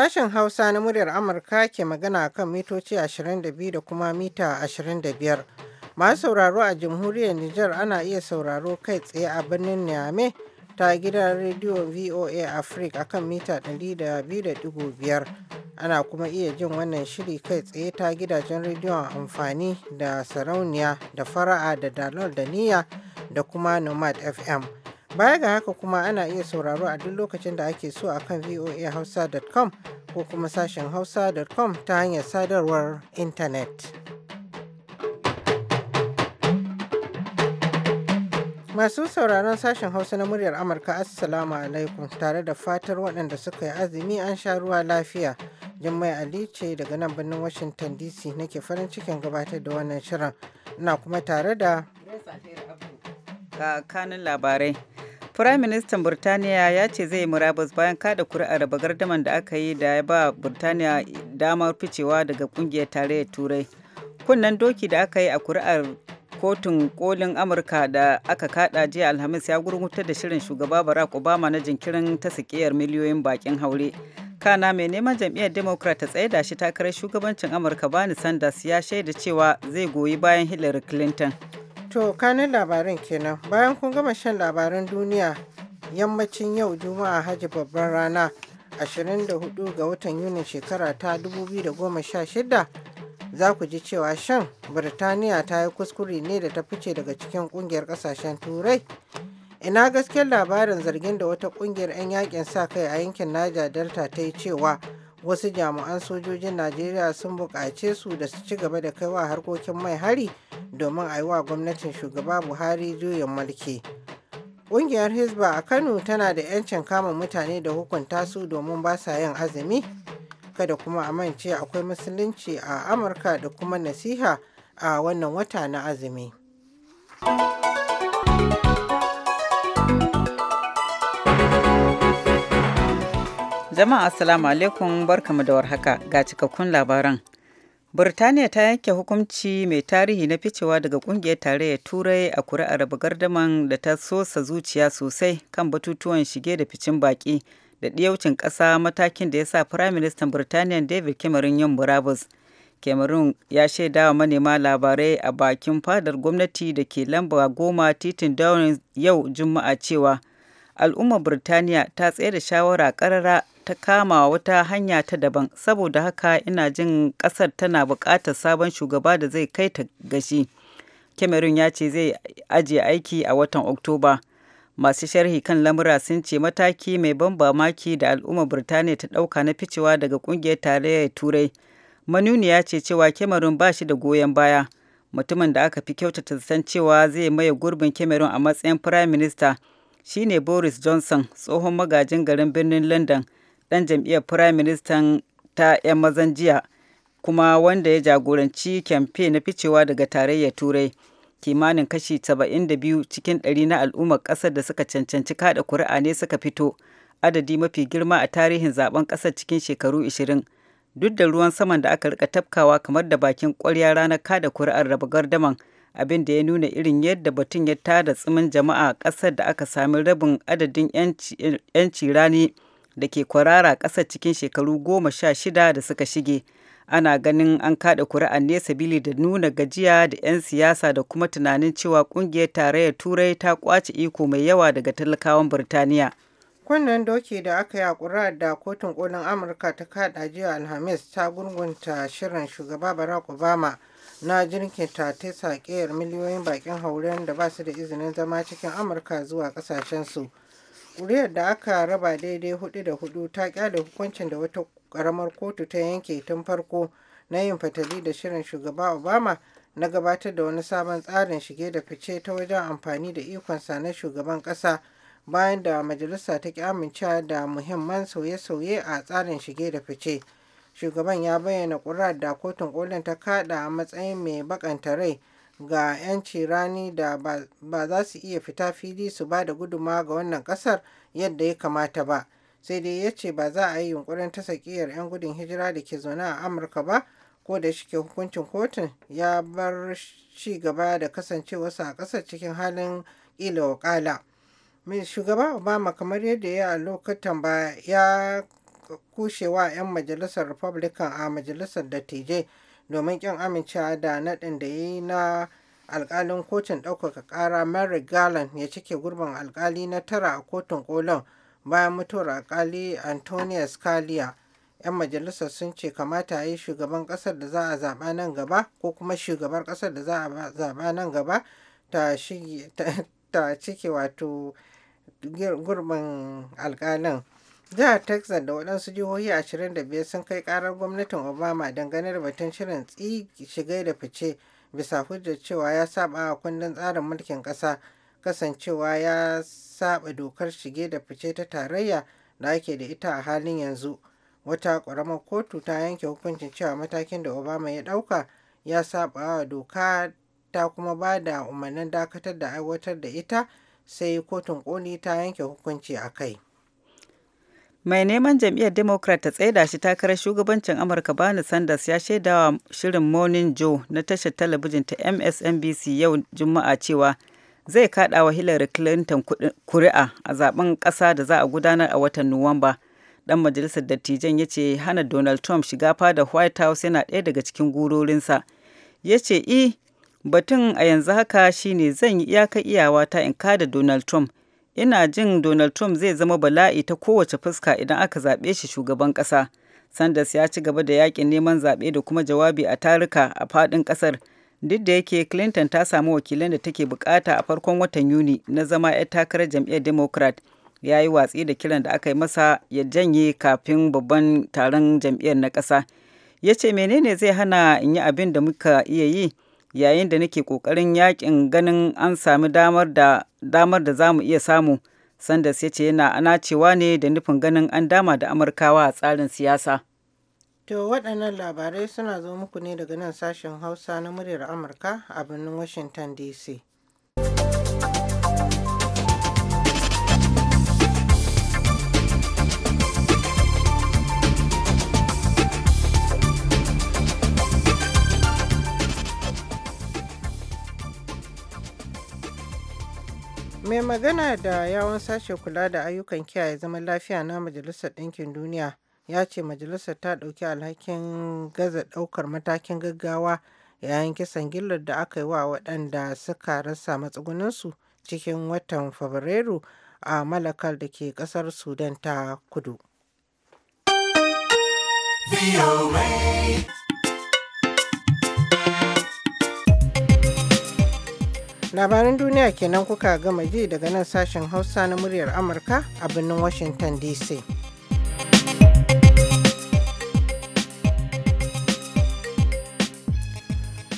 Sashen Hausa na muryar Amurka ke magana kan mitoci 22 da kuma mita 25. Masu sauraro a jamhuriyar Nijar ana iya sauraro kai tsaye a birnin Niamey ta gidan rediyo VOA Africa akan mita 200.5. Ana kuma iya jin wannan shiri kai tsaye ta gidajen rediyon amfani da sarauniya da fara'a da dalol da niyya da kuma Nomad FM. Baya ga haka kuma ana iya sauraro a duk lokacin da ake so a kan voahausa.com ko kuma sashen hausa.com ta hanyar sadarwar intanet. Masu sauraron sashen Hausa na muryar Amurka Assalamu alaikum tare da fatar waɗanda suka yi azumi an sha ruwa lafiya. Jummai Ali ce daga nan birnin Washington DC nake farin cikin gabatar da wannan shirin. Ina kuma tare da kanin labarai. Firaministan Burtaniya ya ce zai murabus bayan kada kuri'a raba gardaman da aka yi da ya ba Burtaniya damar ficewa daga kungiyar tarayyar Turai. Kunnan doki da aka yi a kuri'ar kotun kolin Amurka da aka kada jiya Alhamis ya gurgutar da shirin shugaba Barack Obama na jinkirin ta sikiyar miliyoyin bakin haure. Kana mai neman jam'iyyar Democrat ta tsaye da shi takarar shugabancin Amurka Bernie Sanders ya shaida cewa zai goyi bayan Hillary Clinton. To kanin labarin kenan bayan kun gama shan labaran duniya yammacin yau juma'a hajji babban rana 24 ga watan yunin shekara ta 2016 za ku ji cewa shan birtaniya ta yi kuskure ne da ta fice daga cikin kungiyar kasashen turai ina gasken labarin zargin da wata kungiyar 'yan yakin sa kai a yankin niger delta ta yi cewa wasu jami'an sojojin najeriya sun buƙace su da su ci gaba da kaiwa harkokin mai hari domin a yi wa gwamnatin shugaba buhari juyin mulki ƙungiyar Hisba a kano tana da 'yancin kama mutane da hukunta su domin ba sa yin azumi kada kuma a mance akwai musulunci a amurka da kuma nasiha a wannan wata na azumi. Jama'a Assalamu alaikum barkamu da warhaka ga cikakkun labaran. Birtaniya ta yanke hukunci mai tarihi na ficewa daga kungiyar tarayyar Turai a kuri'ar raba gardaman da ta sosa zuciya sosai kan batutuwan shige da ficin baki da ɗiyaucin ƙasa matakin da ya sa Firaministan Birtaniya David Cameron yin burabus Cameron ya shaida wa manema labarai a bakin fadar gwamnati da ke lamba goma titin Downing yau Juma'a cewa al'ummar Birtaniya ta tsaye da shawara ƙarara ta kama wata hanya ta daban saboda haka ina jin kasar tana bukatar sabon shugaba da zai kai ta gashi cameron ya ce zai ajiye aiki a watan oktoba masu sharhi kan lamura sun ce mataki mai ban mamaki da al'ummar birtaniya ta ɗauka na ficewa daga ƙungiyar tarayyar turai manuni ya ce cewa cameron ba shi da goyon baya mutumin da aka fi kyautata san cewa zai maye gurbin cameron a matsayin prime minister shine boris johnson tsohon magajin garin birnin london ɗan jam'iyyar Firayim Ministan ta 'yan mazan jiya kuma wanda ya jagoranci kyamfe na ficewa daga tarayyar Turai. Kimanin kashi 72 cikin 100 na al'ummar ƙasar da suka cancanci kada kuri'a ne suka fito, adadi mafi girma a tarihin zaben ƙasar cikin shekaru 20. Duk da ruwan saman da aka rika tafkawa kamar da bakin ƙwarya ranar kada kuri'ar raba gardaman, abin da ya nuna irin yadda batun ya tada tsimin jama'a ƙasar da aka sami rabin adadin 'yanci rani da ke kwarara ƙasar cikin shekaru goma sha shida da suka shige ana ganin an kada kuri'ar ne sabili da nuna gajiya da 'yan siyasa da kuma tunanin cewa kungiyar tarayyar turai ta kwace iko mai yawa daga talakawan birtaniya kunnen doki da aka yi a kuri'ar da kotun kolin amurka ta kada jiya alhamis ta gurgunta shirin shugaba barack obama na jirkinta ta saƙeyar miliyoyin bakin hauren da ba su da izinin zama cikin amurka zuwa ƙasashensu Ƙuri'ar da aka raba daidai hudu da hudu ta kyale hukuncin da wata karamar kotu ta yanke tun farko na yin fatali da shirin shugaba Obama na gabatar da wani sabon tsarin shige da fice ta wajen amfani da ikonsa na shugaban ƙasa bayan da majalisa ta ki amince da muhimman sauye-sauye a tsarin shige da fice. Shugaban ya bayyana ƙuri'ar da kotun kolin ta kada a matsayin mai bakanta rai ga 'yan cirani da ba za su iya fita fili su ba da guduma ga wannan kasar yadda ya kamata ba sai dai ya ce ba za a yi yunkurin ta sakiyar 'yan gudun hijira da ke zaune a amurka ba ko da shike hukuncin kotun ya bar shi gaba da kasancewarsa a ƙasa cikin halin ƙila wakala mai shugaba obama kamar yadda ya a lokutan ba ya kushewa 'yan majalisar republican a majalisar dattijai domin ƙin amincewa da naɗin da ya yi na alkalin kotun ɗaukaka ƙara mary garland ya cike gurbin alkali na tara a kotun kolon bayan mutuwar alkali antonio scalia 'yan majalisar sun ce kamata ya yi shugaban ƙasar da za a zaɓa nan gaba ko kuma shugabar ƙasar da za a zaɓa nan gaba ta cike wato gurbin alkalin Jihar Texas da waɗansu jihohi 25 sun kai ƙarar gwamnatin Obama dangane da batun shirin shiga da fice bisa hujjar cewa ya saba a kundin tsarin mulkin ƙasa kasancewa ya saba dokar shige da fice ta tarayya da ake da ita a halin yanzu. Wata ƙaramar kotu ta yanke hukuncin cewa matakin da Obama ya ɗauka ya saba a doka ta kuma ba da umarnin dakatar da aiwatar da ita sai kotun ƙoli ta yanke hukunci a kai. mai neman jam'iyyar democrat ta tsaida shi takarar shugabancin amurka bani sanders ya shaidawa shirin morning joe na tashar talabijin ta msnbc yau juma'a cewa zai kada wa hillary clinton kuri'a a zaben kasa da za a gudanar a watan nuwamba dan majalisar dattijan ya ce hana donald trump shiga fada white house yana ɗaya daga cikin gurorinsa ya ce i batun a yanzu haka shine zan yi iyaka iyawa ta in kada donald trump Ina jin Donald Trump zai zama bala'i ta kowace fuska idan aka zaɓe shi shugaban ƙasa. Sanders ya ci gaba da yakin neman zaɓe da kuma jawabi a taruka a faɗin ƙasar. Duk da yake Clinton ta samu wakilan da take bukata a farkon watan Yuni na zama 'yar takarar jam'iyyar Democrat. Ya yi watsi da kiran da aka yi masa ya janye kafin babban taron jam'iyyar na ƙasa. Ya ce menene zai hana in yi abin da muka iya yi? yayin da nake kokarin yakin ganin an sami damar da damar da zamu iya samu sanders ya ce yana cewa ne da nufin ganin an dama da amurkawa a tsarin siyasa to waɗannan labarai suna zo muku ne daga nan sashen hausa na muryar amurka a birnin washington dc mai magana da yawon sashe kula da ayyukan kiyaye zaman lafiya na majalisar ɗinkin duniya ya ce majalisar ta ɗauki alhakin gaza ɗaukar matakin gaggawa yayin kisan gillar da aka yi wa waɗanda suka rasa matsugunansu cikin watan fabrairu a malakal da ke ƙasar sudan ta kudu. labaran duniya kenan kuka gama ji daga nan sashen hausa na muryar amurka a birnin washington dc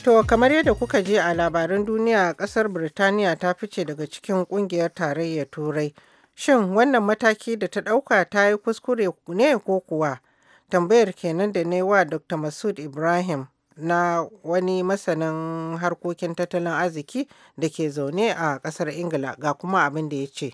To kamar yadda kuka je a labarin duniya kasar Birtaniya ta fice daga cikin kungiyar tarayyar Turai. Shin wannan mataki da ta ɗauka ta yi kuskure ne ko kuwa? Tambayar kenan da ne wa Dr. Masud Ibrahim na wani masanin harkokin tattalin arziki da ke zaune a ƙasar ingila ga kuma abin da ya ce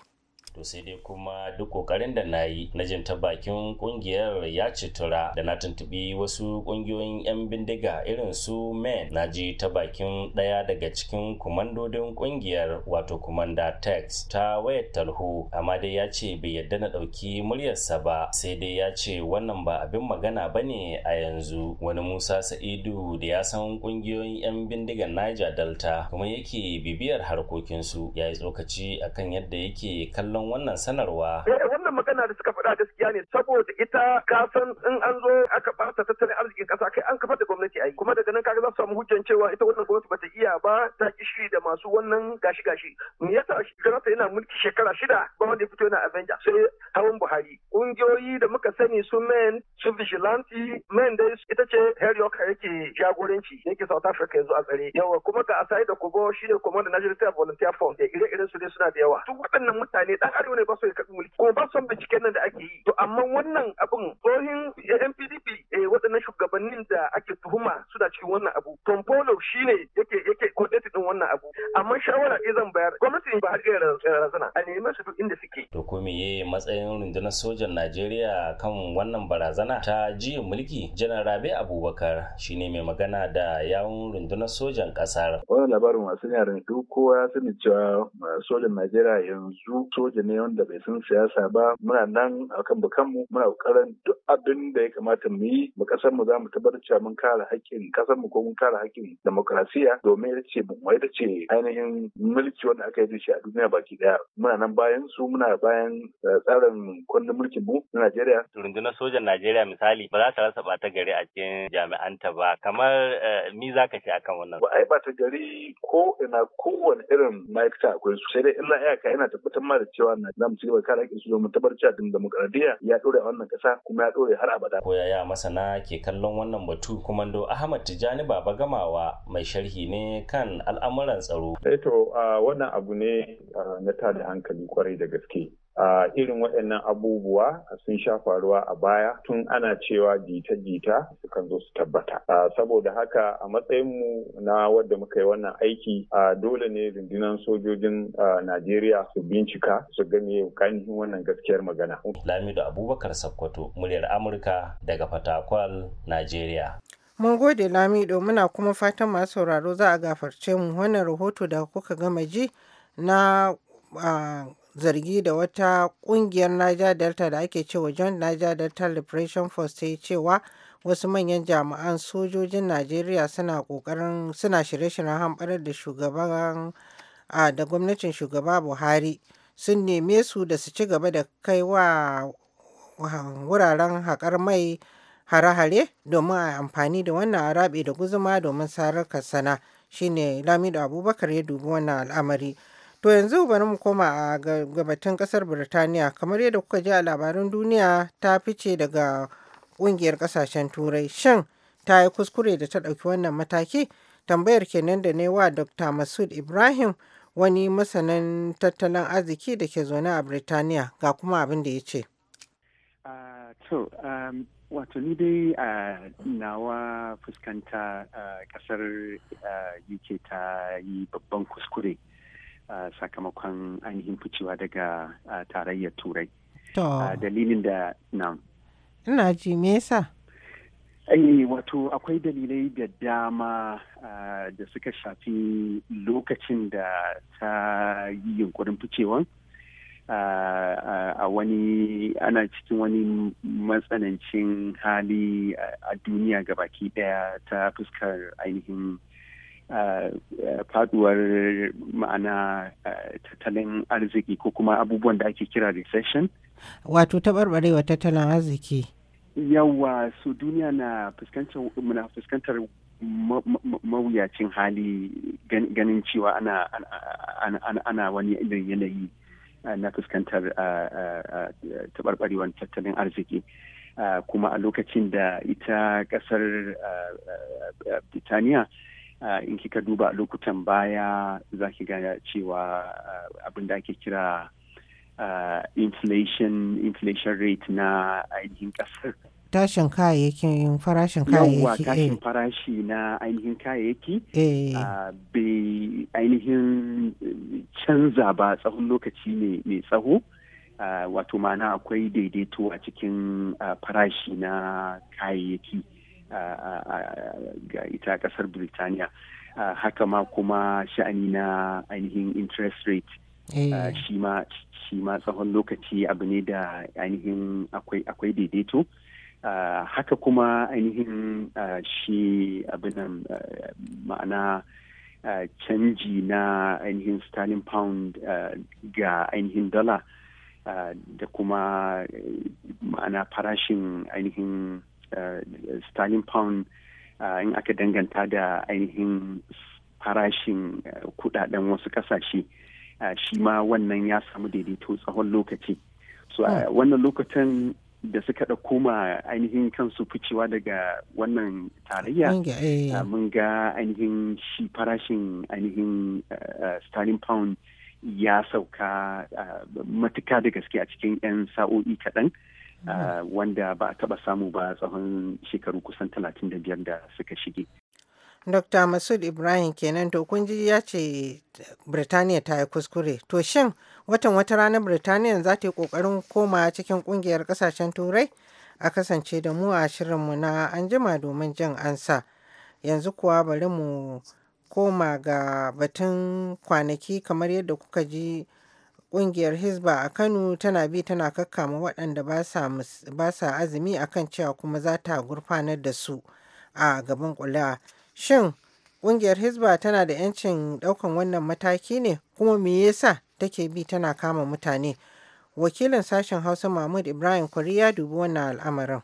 to sai dai kuma duk kokarin da na yi na jin ta bakin kungiyar ya tura da na tuntubi wasu kungiyoyin yan bindiga irin su men na ji ta bakin daya daga cikin kumandodin kungiyar wato kumanda tex ta wayar talhu amma dai ya ce bai yadda na dauki muryarsa ba sai dai ya ce wannan ba abin magana ba ne a yanzu wani musa sa'idu da ya san kungiyoyin yan bindigan niger delta kuma yake bibiyar harkokinsu ya yi tsokaci akan yadda yake kallon wannan sanarwa. Eh wannan magana da suka faɗa gaskiya ne saboda ita kasan in an zo aka ɓata tattalin arzikin ƙasa kai an kafa da gwamnati ai kuma daga nan kaga za su samu hujjan cewa ita wannan gwamnati bata iya ba ta kishi da masu wannan gashi gashi. Me yasa Jonathan yana mulki shekara shida ba wanda ya fito yana Avenger sai hawan Buhari. Ƙungiyoyi da muka sani su men su vigilante men dai ita ce Harry Oka yake jagoranci yake South Africa yanzu a tsare. Yawa kuma ga Asai da kogo shine kuma National Volunteer Fund da ire-iren su dai suna da yawa. Duk waɗannan mutane ɗan arewa ne ba su karɓi mulki kuma ba su binciken nan da ake yi to amma wannan abun tsohin yan pdp eh, waɗannan shugabannin da ake tuhuma suna cikin wannan abu tom polo shi yake yake kodeti din wannan abu amma shawara ke zan bayar gwamnati ba har razana a neman su duk inda suke. to ko me matsayin rundunar sojan najeriya kan wannan barazana ta jiya mulki janar rabe abubakar shine mai magana da yawun rundunar sojan ƙasar. wannan labarin wasu yaran duk kowa ya sani cewa sojan najeriya yanzu sojan ne wanda bai san siyasa ba muna nan akan bukanmu muna kokarin duk abin da ya kamata mu yi mu kasar mu za mu tabbatar mun kare haƙƙin kasar mu ko mun kare haƙƙin demokrasiya domin ita ce mu ita ce ainihin mulki wanda aka yi shi a duniya baki daya muna nan bayan su muna bayan eh, tsarin kundin mulkin mu na Najeriya rundunar sojan Najeriya misali ba za ta rasa bata gari a cikin jami'anta ba kamar eh, mi za ka ce akan wannan ba ta gari ko ina kowane irin ma'aikata akwai su sai dai illa iyaka yana tabbatar ma da cewa wannan za mu ci gaba kare haƙƙin su domin tabbatar cewa ya ɗore wannan kasa kuma ya ɗore har abada. Ko yaya masana ke kallon wannan batu komando Ahmad Tijjani Baba Gamawa mai sharhi ne kan al'amuran tsaro. Eh to wannan abu ne na tada hankali kwarai da gaske Uh, irin waɗannan abubuwa sun sha faruwa a baya tun ana cewa jita-jita sukan zo su tabbata. Uh, saboda haka a matsayinmu na wadda muka yi wannan aiki uh, dole ne rundunar sojojin Najeriya su bincika su game kanihin wannan gaskiyar magana. Lamido Abubakar Sakkwato, muryar Amurka daga Fatakwal, Najeriya. Mun gode Lamido muna kuma fatan masu sauraro za a gafarce mu wannan rahoto da kuka gama ji na zargi da wata kungiyar Niger Delta da ake cewa Joint Niger Delta Liberation Force ta yi cewa wasu manyan jami'an sojojin Najeriya suna kokarin suna shirye-shiryen hamɓarar da shugaban da gwamnatin shugaba Buhari sun neme su da su ci gaba da kai wa wuraren haƙar mai hare-hare domin a amfani da wannan arabe da guzuma domin sarar kasana shine Lamido Abubakar ya dubi wannan al'amari. To yanzu bari mu koma a gabatun kasar Birtaniya kamar yadda kuka ji a labarin duniya ta fice daga kungiyar kasashen turai shin ta yi kuskure da ta ɗauki wannan mataki tambayar kenan da ne wa Dr. Masud Ibrahim wani masanin tattalin arziki da ke zaune a Birtaniya ga kuma abin da ya ce. Ah, to, um, wato ni dai a ah, nawa fuskanta kasar ah, UK ta yi babban kuskure. sakamakon ainihin ficewa daga tarayyar turai dalilin da na ina ji me yasa eh, wato akwai dalilai da dama da suka shafi lokacin da ta yi yunkurin ficewan a wani ana cikin wani matsanancin hali a duniya gabaki daya ta fuskar ainihin faduwar ma'ana eh, tattalin arziki ko kuma abubuwan da ake kira recession wato taɓarɓarewa tattalin arziki yawwa su duniya na fuskantar mawuyacin hali ganin cewa ana wani irin yanayi eh, na fuskantar eh, taɓarɓarewar tattalin arziki kuma a lokacin da ita ƙasar Birtaniya Ah, in kika duba lokutan baya za ki gaya cewa ah, abin da ake kira ah, inflation inflation rate na ainihin kasar tashin kayayyakin farashin kayayyaki yawwa eh. tashin farashi na ainihin kayayyaki eh. bai ainihin canza ba tsawon lokaci ne mai tsaho wato ma'ana akwai daidaito a cikin farashi na kayayyaki ga ita kasar Birtaniya. Haka ma kuma sha'ani na ainihin interest rate eh. shi ma tsohon tsawon lokaci abu ne da ainihin akwai daidaito. Haka kuma ainihin shi abinan ma'ana canji na ainihin sterling pound ga ainihin dollar da kuma ma'ana farashin ainihin Uh, sterling pound uh, in aka danganta da ainihin farashin uh, kudaden wasu kasashe shi ma wannan ya samu daidaito tsawon lokaci so hmm. wannan lokacin da suka da koma ainihin kansu ficewa daga wannan tarayya mun ga eh. ainihin shi farashin ainihin sterling pound ya sauka matuka da gaske a cikin 'yan sa'o'i kaɗan Ah, wanda ba a taɓa samu ba tsawon shekaru kusan 35 da suka shige. Dr. Masud Ibrahim kenan to kun ji ya ce Birtaniya ta yi kuskure. To shin watan wata ranar Birtaniya za ta yi kokarin koma cikin kungiyar kasashen turai? A kasance da mu a shirinmu na anjima domin jin ansa. Yanzu kuwa bari mu koma ga batun kwanaki kamar yadda kuka ji Ƙungiyar Hisba a Kano tana bi tana kakkama waɗanda ba sa azumi a kan cewa kuma za ta gurfanar da su a gaban kula. Shin ƙungiyar Hisba tana da 'yancin ɗaukan wannan mataki ne kuma me yasa take bi tana kama mutane? Wakilin sashen Hausa Mahmud Ibrahim Kwari ya dubi wannan al'amarin.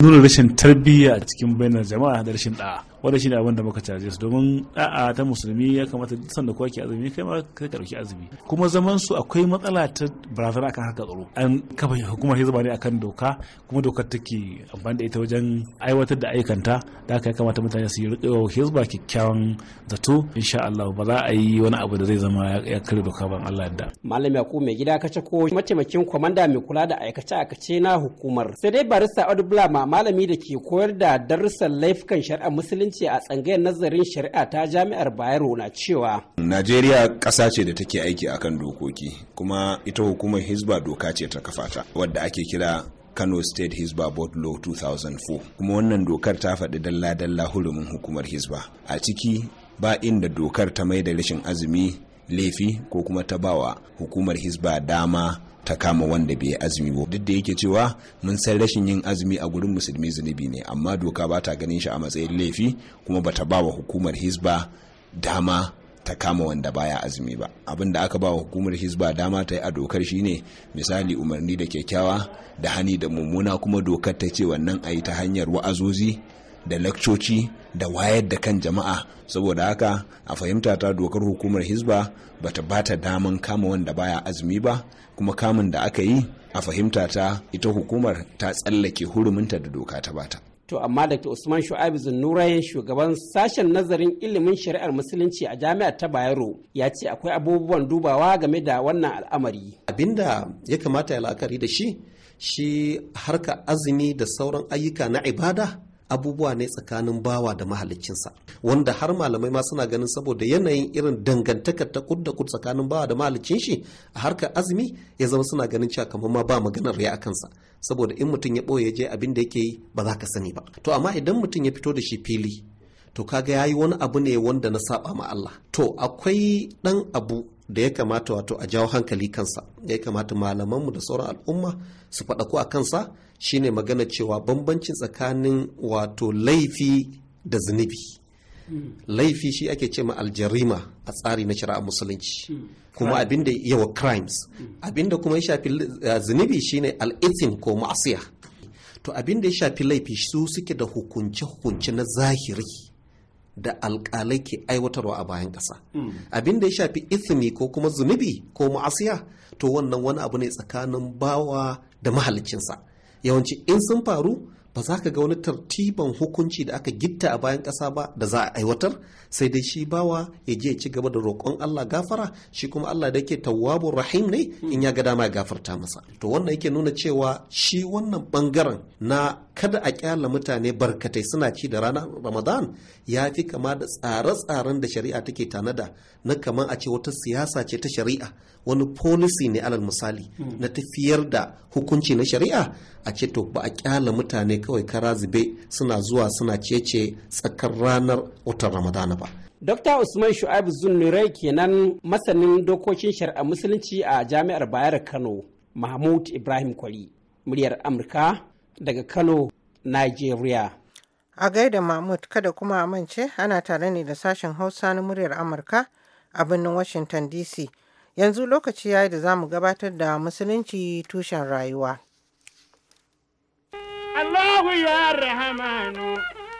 Nuna rashin tarbiyya a cikin bayyana jama'a da rashin ɗa'a. wanda ne abin da muka caje su domin a'a ta musulmi ya kamata da kowa ke azumi kai ma kai ka dauki azumi kuma zaman su akwai matsala ta barazana akan haka tsaro an kafa hukumar hizba ne akan doka kuma dokar take amfani da ita wajen aiwatar da aikanta da haka ya kamata mutane su yi wa hizba kyakkyawan zato insha Allah ba za a yi wani abu da zai zama ya kare doka ban Allah yadda malam yakubu mai gida kace ko mataimakin kwamanda mai kula da aikace aikace na hukumar sai dai barista Odubla ma malami da ke koyar da darussan laifukan shari'ar musulunci musulunci a tsangayar nazarin shari'a ta jami'ar bayero na cewa najeriya ƙasa ce da take aiki akan dokoki kuma ita hukumar Hisba doka ce ta kafata wadda ake kira kano state hisba board law 2004 kuma wannan dokar ta faɗi dalla-dalla hulumin hukumar hisba a ciki ba inda dokar ta mai da rashin azumi laifi ko kuma ta bawa hukumar hisba dama ta kama wanda bai azumi ba duk da yake cewa mun san rashin yin azumi a gurin musulmi zunubi ne amma doka ba ta ganin shi a matsayin laifi kuma bata ba wa hukumar hisba dama ta kama wanda baya azumi ba abin da aka bawa hukumar hisba dama ta yi a dokar shine misali umarni da kyakkyawa da hani da mummuna kuma dokar ta ce wannan a yi ta hanyar wa'azozi da lakcoci da wayar da kan jama'a saboda haka a fahimta ta dokar hukumar hisba bata bata daman kama wanda baya azumi ba kuma kamun da aka yi a fahimta ta ita hukumar ta tsallake huruminta da doka ta bata to amma da usman shu'abi zunnurayen shugaban sashen nazarin ilimin shari'ar musulunci a jami'ar ta bayero ya ce akwai abubuwan dubawa game da wannan al'amari abinda ya kamata ya la'akari da shi shi harka azumi da sauran ayyuka na ibada abubuwa ne tsakanin bawa da mahaliccinsa wanda har malamai ma suna ganin saboda yanayin irin dangantakar ta kud da kud tsakanin bawa da mahaliccin shi a harkar azumi ya zama suna ganin cewa kamar ma ba maganar ya kansa saboda in mutum ya ɓoye je abin da yake yi ba za ka sani ba to amma idan mutum ya fito da shi fili to kaga yayi wani abu ne wanda na saba ma Allah to akwai dan abu da ya kamata wato a jawo hankali kansa ya kamata malamanmu da sauran al'umma su faɗa faɗaku a kansa shine magana cewa bambancin tsakanin wato laifi da zunubi hmm. laifi shi ake ce ma aljarima a tsari na shari'a musulunci hmm. kuma abinda yawa crimes hmm. abinda kuma ya shafi eh, zunubi shine al'itin ko ma'asiya to abinda ya shafi laifi su suke da hukunce-hukunce na zahiri da alkalai ke aiwatarwa a bayan ƙasa hmm. abin da ya shafi ithmi ko kuma zunubi ko ma'asiya to wannan wani abu ne tsakanin bawa da mahalicinsa yawanci in sun faru ba za ka ga wani tartiban hukunci da aka gitta a bayan ƙasa ba da za a aiwatar sai dai shi bawa ya je ya ci gaba da roƙon Allah gafara shi kuma Allah da yake tawwabur rahim ne in ya ga dama ya gafarta masa to wannan yake nuna cewa shi wannan bangaren na kada a kyala mutane barkatai suna ci da ranar Ramadan ya fi kama da tsare-tsaren da shari'a take tanada na kaman a ce wata siyasa ce ta shari'a wani policy ne alal misali na tafiyar da hukunci na shari'a a ce to ba a kyala mutane kawai kara zube suna zuwa suna cece tsakar ranar watan ramadana ba Dr. Usman Shu'aibu Zunnurai kenan masanin dokokin shari'a musulunci a Jami'ar Bayar Kano, Mahmud Ibrahim Kwari, muryar Amurka daga Kano, Nigeria. A gaida Mahmud kada kuma a mance ana tare ne da sashen Hausa na muryar Amurka a birnin Washington DC. Yanzu lokaci ya yi da za mu gabatar da Musulunci tushen rayuwa. Allahu ya rahamanu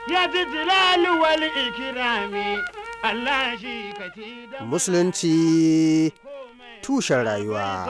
ya ji jilalu wal ikirami Allah shi ka Musulunci tushen rayuwa.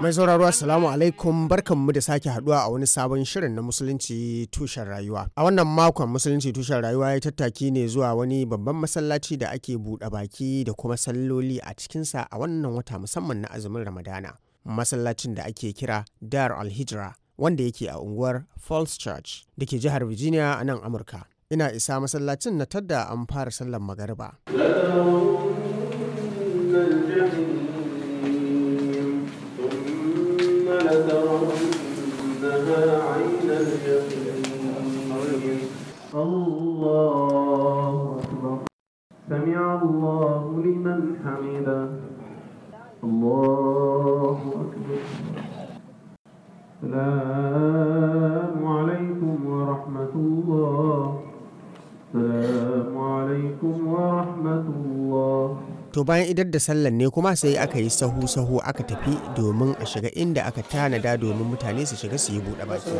Mai sauraro Assalamu alaikum barkanmu da sake haduwa a wani sabon shirin na Musulunci tushen rayuwa. A wannan makon Musulunci tushen rayuwa ya tattaki ne zuwa wani babban masallaci da ake buɗe baki da kuma salloli a cikinsa a wannan wata musamman na azumin Ramadana. Masallacin da ake kira Dar al-Hijra wanda yake a unguwar Falls Church da ke jihar Virginia a nan Amurka. Ina isa masallacin na tadda an fara sallar magariba. الله أكبر سمع الله لمن حمده الله أكبر السلام عليكم ورحمة الله السلام عليكم ورحمة الله to bayan idar da sallan ne kuma sai aka yi sahu-sahu aka tafi domin a shiga inda aka tanada domin mutane su shiga su yi buɗe baki.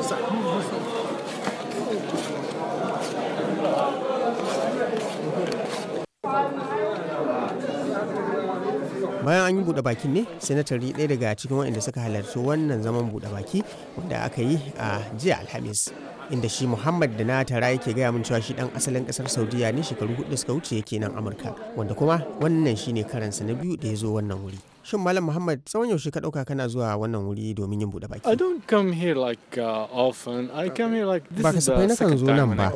bayan an yi buɗe bakin ne sanatari ɗaya daga cikin waɗanda suka halarci wannan zaman buɗe baki wanda aka yi a jiya alhamis inda shi muhammad da na tara yake gaya min cewa shi dan asalin kasar saudiya ne shekaru hudu suka wuce yake nan amurka wanda kuma wannan shine karansa na biyu da ya zo wannan wuri shin malam muhammad tsawon yaushe ka dauka kana zuwa wannan wuri domin yin bude baki i don't come here like uh, often i come here like this baka is na kan zo nan ba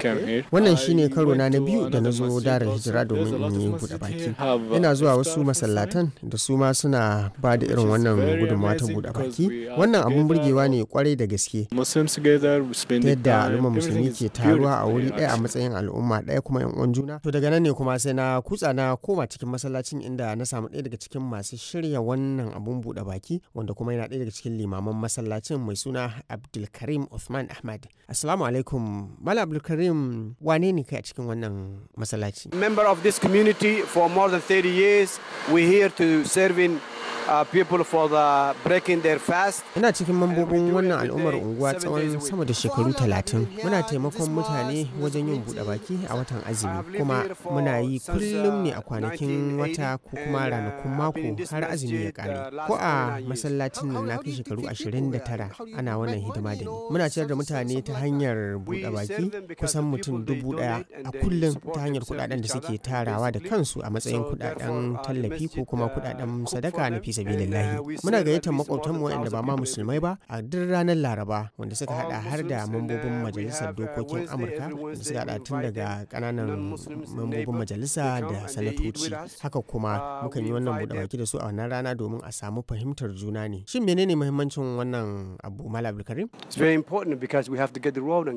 wannan shine karo na biyu da na zo darar hijira domin in yi bude baki uh, ina zuwa wasu masallatan da su ma suna ba da irin wannan gudunmawa ta bude baki wannan abun burgewa ne kwarai da gaske ta yadda al'umma musulmi ke taruwa a wuri ɗaya a matsayin al'umma ɗaya kuma yan uwan juna to daga nan ne kuma sai na kutsa na koma cikin masallacin inda na samu ɗaya daga cikin masu shirya wannan abun buɗe baki wanda kuma yana ɗaya daga cikin limaman masallacin mai suna Abdulkarim Uthman Ahmad. Assalamu alaikum. Malam Abdulkarim wane ne kai a cikin wannan masallaci? Member of this community for more than 30 years we here to serve Uh, people for the breaking fast. Ina cikin mambobin wannan al'ummar unguwa tsawon sama da shekaru talatin. Muna taimakon mutane wajen yin buɗe baki a watan azumi kuma muna yi uh, kullum ne a kwanakin wata ko kuma ranakun uh, mako har azumi ya kare. Ko a masallacin nan na kai shekaru ashirin da tara ana wannan hidima da ni. Muna ciyar da mutane ta hanyar buɗe baki kusan mutum dubu ɗaya a kullum ta hanyar kuɗaɗen da suke tarawa da kansu a matsayin kuɗaɗen tallafi ko kuma kuɗaɗen sadaka na fisa lillahi uh, muna gayyatar makwabtanmu waɗanda ba ma musulmai ba a duk ranar laraba wanda suka hada um, har da mambobin uh, majalisar uh, dokokin amurka da suka hada tun daga kananan mambobin majalisa da sanatoci haka kuma mukan yi wannan buɗe baki da su a wannan rana domin a samu fahimtar juna ne shin menene muhimmancin wannan abu mala abdulkarim it's get the road a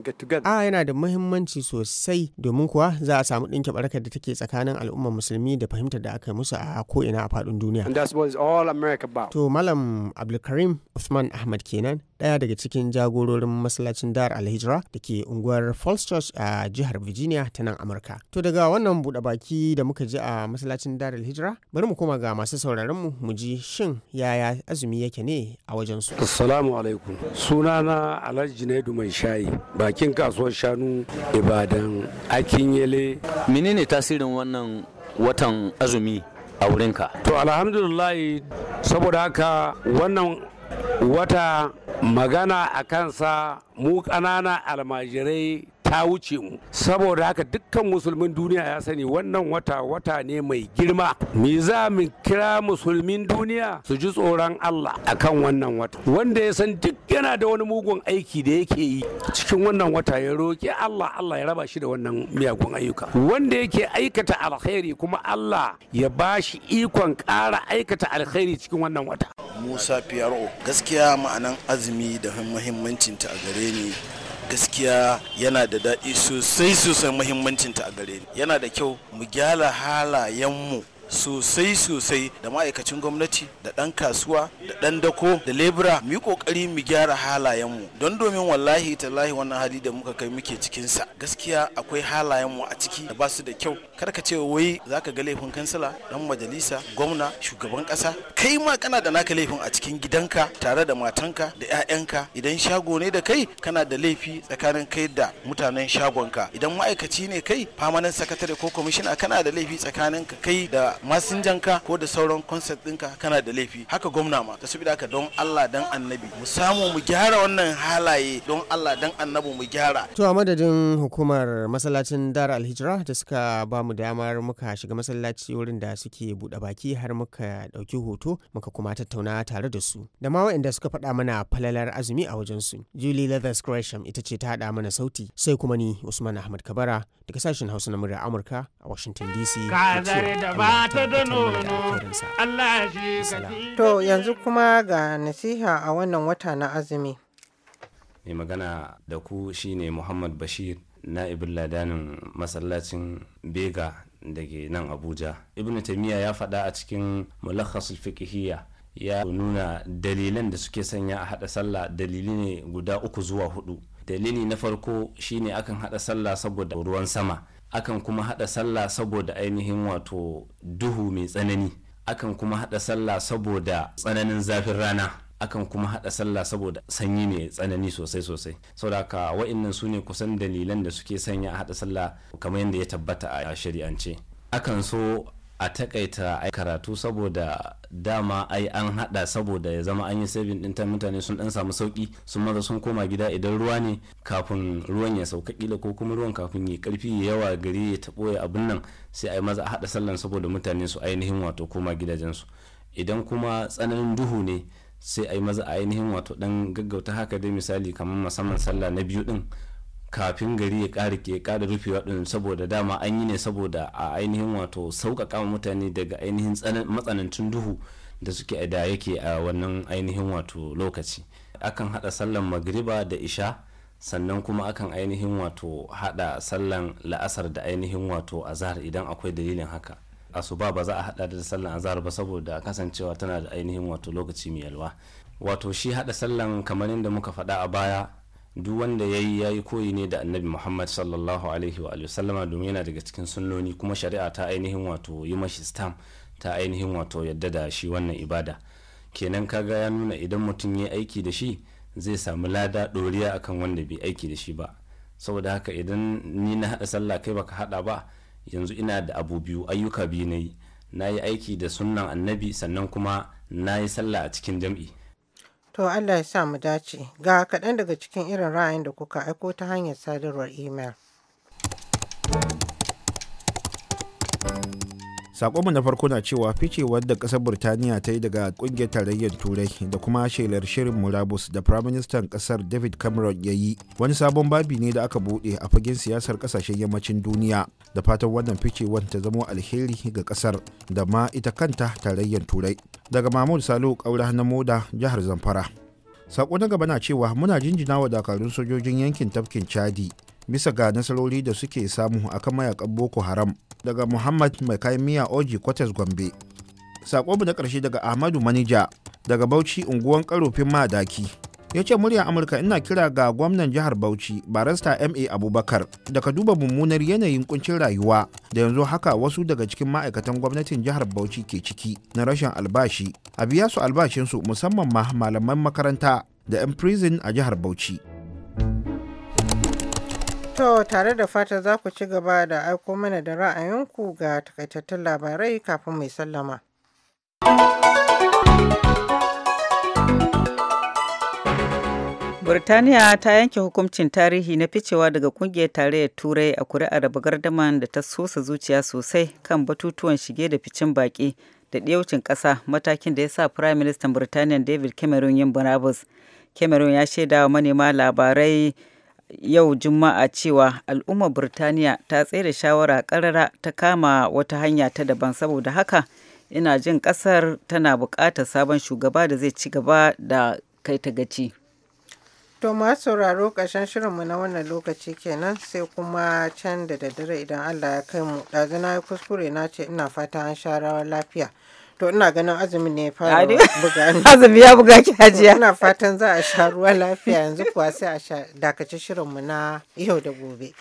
ah, yana da muhimmanci sosai domin kuwa za a samu ɗinke barkar da take tsakanin al'ummar musulmi da fahimtar da aka musu a ko ina a faɗin duniya and all America ba. To Malam Abdulkarim Usman Ahmad kenan daya daga cikin jagororin masallacin Dar Alhijra da ke unguwar Falls Church a jihar Virginia ta nan Amurka. To daga wannan bude baki da muka ji a masallacin Dar Alhijra bari mu koma ga masu sauraron mu mu ji shin yaya azumi yake ne a wajen su. Assalamu alaikum. Sunana Alhaji Junaidu Mai Shayi bakin kasuwar shanu Ibadan Akinyele. Menene tasirin wannan watan azumi a wurinka to alhamdulillah saboda haka wannan wata magana a kansa mu ƙanana almajirai ta wuce mu saboda haka dukkan musulmin duniya ya sani wannan wata wata ne mai girma me za mu kira musulmin duniya su ji tsoron Allah akan wannan wata wanda ya san duk yana da wani mugun aiki da yake yi cikin wannan wata ya roki Allah Allah ya raba shi da wannan miyagun ayyuka wanda yake aikata alkhairi kuma Allah ya ba shi ikon ƙara aikata alkhairi cikin wannan wata Musa Fiyaro gaskiya ma'anan azumi da muhimmancinta a gare ni gaskiya yana da daɗi sosai sosai muhimmancinta a gare ni yana da kyau mu gyara halayenmu sosai sosai da ma'aikacin gwamnati da ɗan kasuwa da ɗan dako da lebura mu yi mu gyara halayen mu don domin wallahi tallahi wannan hali da muka kai muke cikinsa gaskiya akwai halayenmu a ciki da basu da kyau kar ka ce wai za ka ga laifin kansila ɗan majalisa gwamna shugaban ƙasa kai ma kana da naka laifin a cikin gidanka tare da matanka da 'ya'yanka idan shago ne da kai kana da laifi tsakanin kai da mutanen shagonka idan ma'aikaci ne kai famanin sakatare ko kwamishina kana da laifi tsakanin ka kai da masinjan ka ko da sauran concept ka kana da laifi haka gwamna ma ta saboda haka don Allah dan annabi mu samu mu gyara wannan halaye don Allah dan annabi mu gyara to a madadin hukumar masallacin dar alhijra da suka ba mu damar muka shiga masallaci wurin da suke buɗe baki har muka ɗauki hoto muka kuma tattauna tare da su da ma waɗanda suka faɗa mana falalar azumi a wajen su Julie Leathers Gresham ita ce ta haɗa mana sauti sai kuma ni Usman Ahmad Kabara daga sashen Hausa na murya Amurka a Washington DC. Kazar da ba to yanzu kuma ga nasiha a wannan wata na azumi mai magana da ku shine Muhammad Bashir na Ibn ladanin masallacin bega da ke nan abuja ibn taimiyya ya faɗa a cikin mulakhasul fiqhiyya ya nuna dalilan da suke sanya a haɗa sallah dalili ne guda uku zuwa hudu dalili na farko shine akan haɗa sallah saboda ruwan sama akan kuma hada sallah saboda ainihin wato duhu mai tsanani akan kuma hada sallah saboda tsananin zafin rana akan kuma hada sallah saboda sanyi mai tsanani sosai sosai saboda wa'annan su ne kusan dalilan da suke sanya a hada sallah kamar yadda ya tabbata a shari'ance akan so a takaita ai karatu saboda dama ai an hada saboda ya zama an yi sabin din mutane sun dan samu sauki sun maza sun koma gida idan ruwa ne kafin ruwan ya sauka kila ko kuma ruwan kafin ya karfi ya yawa gari ya tabo ya abin nan sai ai maza a hada sallan saboda mutane su ainihin wato koma gidajen su idan kuma tsananin duhu ne sai ai maza ainihin wato dan gaggauta haka dai misali kamar musamman sallah na biyu din kafin gari ya ƙara ke ƙara rufewa ɗin saboda dama an yi ne saboda a ainihin wato sauƙaƙa mutane daga ainihin matsanancin duhu da suke da yake a wannan ainihin wato lokaci akan haɗa sallan magriba da isha sannan kuma akan ainihin wato haɗa sallan la'asar da ainihin wato azhar idan akwai dalilin haka asuba ba za a haɗa da sallan azhar ba saboda kasancewa tana da ainihin wato lokaci mai yalwa wato shi haɗa sallan kamar yadda muka faɗa a baya duk wanda ya yi ya yi koyi ne da annabi muhammad sallallahu alaihi wa sallama domin yana daga cikin sunnoni kuma shari'a ta ainihin wato yi mashi stam ta ainihin wato yadda da shi wannan ibada kenan kaga ya nuna idan mutum ya aiki da shi zai samu lada ɗoriya akan wanda bai aiki da shi ba saboda haka idan ni na haɗa sallah kai baka haɗa ba yanzu ina da abu biyu ayyuka biyu na yi na yi aiki da sunnan annabi sannan kuma na yi sallah a cikin jam'i To Allah ya sa mu dace. Ga kaɗan daga cikin irin ra'ayin da kuka aiko ta hanyar sadarwar imel. Sakonmu na farko na cewa ficewar da ƙasar Burtaniya ta yi daga ƙungiyar tarayyar Turai da kuma shelar shirin murabus da Firaministan ƙasar David Cameron ya yi wani sabon babi ne da aka buɗe a fagen siyasar ƙasashen yammacin duniya da fatan wannan ficewar ta zamo alheri ga ƙasar da ma ita kanta tarayyar Turai. daga mahmud salu kaura na moda jihar zamfara sako na gaba na cewa muna jinjina wa dakarun sojojin yankin tafkin chadi bisa ga nasarori da suke samu a kan mayakan boko haram daga muhammad mai kayan miya oji kwatas gombe sako na ƙarshe daga ahmadu manija daga bauchi unguwan karofin madaki ya ce muryar amurka ina kira ga gwamnan jihar bauchi barista ma abubakar da ka duba mummunar yanayin kuncin rayuwa da yanzu haka wasu daga cikin ma'aikatan gwamnatin jihar bauchi ke ciki na rashin albashi a biya su albashinsu musamman ma malaman makaranta da 'yan prison a jihar bauchi to tare da fata za ku ci gaba da aiko mana da ra'ayinku ga takaitattun labarai kafin mai sallama. Burtaniya ta yanke hukuncin tarihi na ficewa daga kungiyar tarayyar Turai a kuri'ar raba gardaman da ta sosa zuciya sosai kan batutuwan shige da ficin baki da ɗiyaucin ƙasa matakin da ya sa Prime Minister Burtaniya David Cameron yin barabus. Cameron ya shaida wa manema labarai yau Juma'a cewa al'ummar Burtaniya ta tsere shawara karara ta kama wata hanya ta daban saboda haka ina jin ƙasar tana buƙatar sabon shugaba da zai ci gaba da kai ta gaci. To masu sauraro ƙarshen shirinmu na wannan lokaci kenan sai kuma can da daddare idan Allah ya kai mu. Ɗazu na kuskure na ce ina fata an sha rawar lafiya. To ina ganin azumi ne fara buga Azumi ya buga ki hajiya. Ina fatan za a sha ruwa lafiya yanzu kuwa sai a dakaci shirinmu na yau da gobe.